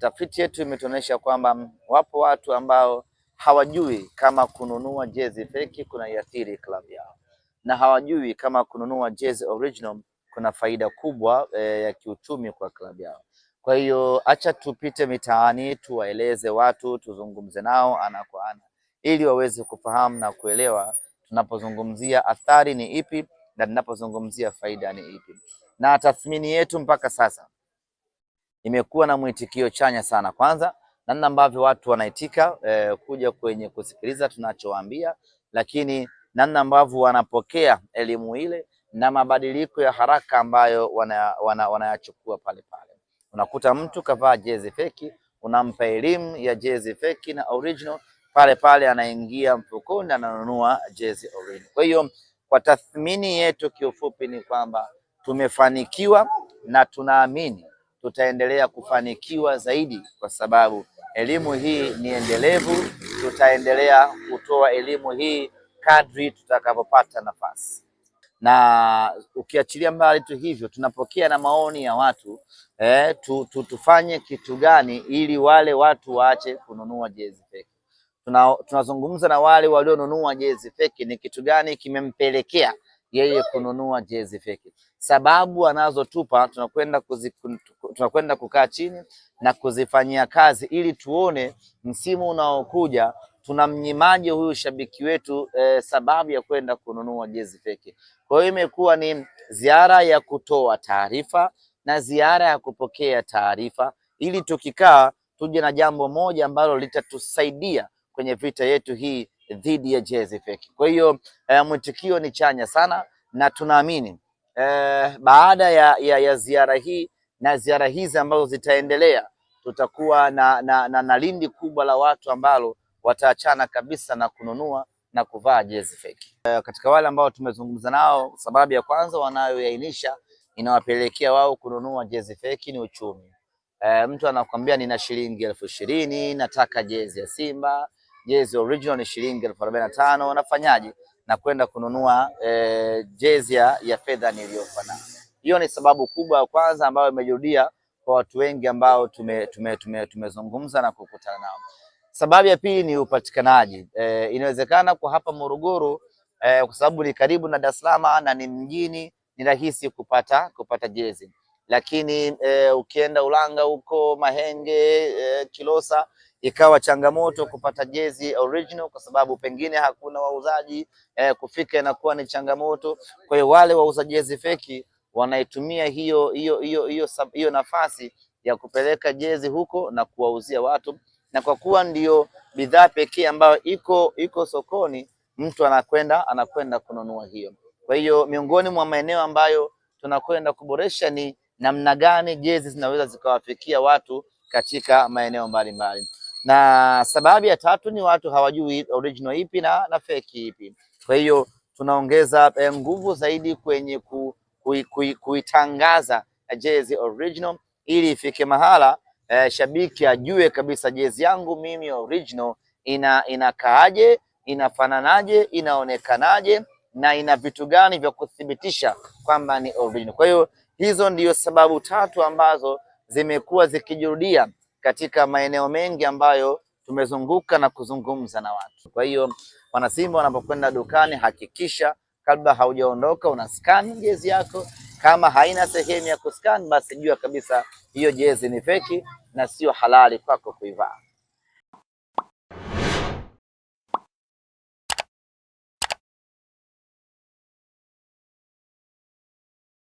Tafiti yetu imetuonyesha kwamba wapo watu ambao hawajui kama kununua jezi feki kuna iathiri klabu yao na hawajui kama kununua jezi original kuna faida kubwa e, ya kiuchumi kwa klabu yao. Kwa hiyo acha tupite mitaani, tuwaeleze watu, tuzungumze nao ana kwa ana ili waweze kufahamu na kuelewa tunapozungumzia athari ni ipi na tunapozungumzia faida ni ipi. Na tathmini yetu mpaka sasa imekuwa na mwitikio chanya sana. Kwanza namna ambavyo watu wanaitika eh, kuja kwenye kusikiliza tunachowaambia, lakini namna ambavyo wanapokea elimu ile na mabadiliko ya haraka ambayo wanayachukua wana, wana pale pale. Unakuta mtu kavaa jezi feki, unampa elimu ya jezi feki na original, pale pale anaingia mfukoni ananunua jezi original. Kwa hiyo kwa tathmini yetu, kiufupi ni kwamba tumefanikiwa na tunaamini tutaendelea kufanikiwa zaidi, kwa sababu elimu hii ni endelevu. Tutaendelea kutoa elimu hii kadri tutakavyopata nafasi na ukiachilia mbali tu hivyo, tunapokea na maoni ya watu eh, tu, tu, tufanye kitu gani ili wale watu waache kununua jezi feki. Tuna, tunazungumza na wale walionunua jezi feki, ni kitu gani kimempelekea yeye kununua jezi feki sababu anazotupa tunakwenda tunakwenda kukaa chini na kuzifanyia kazi ili tuone msimu unaokuja tunamnyimaje huyu shabiki wetu eh, sababu ya kwenda kununua jezi feki. Kwa hiyo imekuwa ni ziara ya kutoa taarifa na ziara ya kupokea taarifa, ili tukikaa tuje na jambo moja ambalo litatusaidia kwenye vita yetu hii dhidi ya jezi feki. Kwa hiyo eh, mwitikio ni chanya sana na tunaamini eh, baada ya, ya, ya ziara hii na ziara hizi ambazo zitaendelea tutakuwa na, na, na, na lindi kubwa la watu ambalo wataachana kabisa na kununua na kuvaa jezi feki. Eh, katika wale ambao tumezungumza nao, sababu ya kwanza wanayoainisha inawapelekea wao kununua jezi feki ni uchumi. Eh, mtu anakwambia nina shilingi elfu ishirini nataka jezi ya Simba, jezi original ni shilingi elfu arobaini na tano nafanyaje? na kwenda kununua e, jezi ya fedha niliyofanana. Hiyo ni sababu kubwa ya kwanza ambayo imejirudia kwa watu wengi ambao tumezungumza tume, tume, tume na kukutana nao. Sababu ya pili ni upatikanaji e, inawezekana kwa hapa Morogoro e, kwa sababu ni karibu na Dar es Salaam na ni mjini, ni rahisi kupata kupata jezi, lakini e, ukienda Ulanga huko Mahenge e, Kilosa ikawa changamoto kupata jezi original, kwa sababu pengine hakuna wauzaji eh, kufika inakuwa ni changamoto. Kwa hiyo wale wauza jezi feki wanaitumia hiyo hiyo hiyo hiyo hiyo nafasi ya kupeleka jezi huko na kuwauzia watu, na kwa kuwa ndiyo bidhaa pekee ambayo iko iko sokoni, mtu anakwenda anakwenda kununua hiyo. Kwa hiyo miongoni mwa maeneo ambayo tunakwenda kuboresha ni namna gani jezi zinaweza zikawafikia watu katika maeneo mbalimbali na sababu ya tatu ni watu hawajui original ipi na, na fake ipi. Kwa hiyo tunaongeza eh, nguvu zaidi kwenye ku, ku, ku, kuitangaza eh, jezi original ili ifike mahala eh, shabiki ajue kabisa jezi yangu mimi original ina inakaaje, inafananaje, inaonekanaje na ina vitu gani vya kuthibitisha kwamba ni original. Kwa hiyo hizo ndiyo sababu tatu ambazo zimekuwa zikijirudia katika maeneo mengi ambayo tumezunguka na kuzungumza na watu. Kwa hiyo wanasimba wanapokwenda dukani, hakikisha kabla haujaondoka unaskani jezi yako. Kama haina sehemu ya kuskani, basi jua kabisa hiyo jezi ni feki na sio halali kwako kuivaa.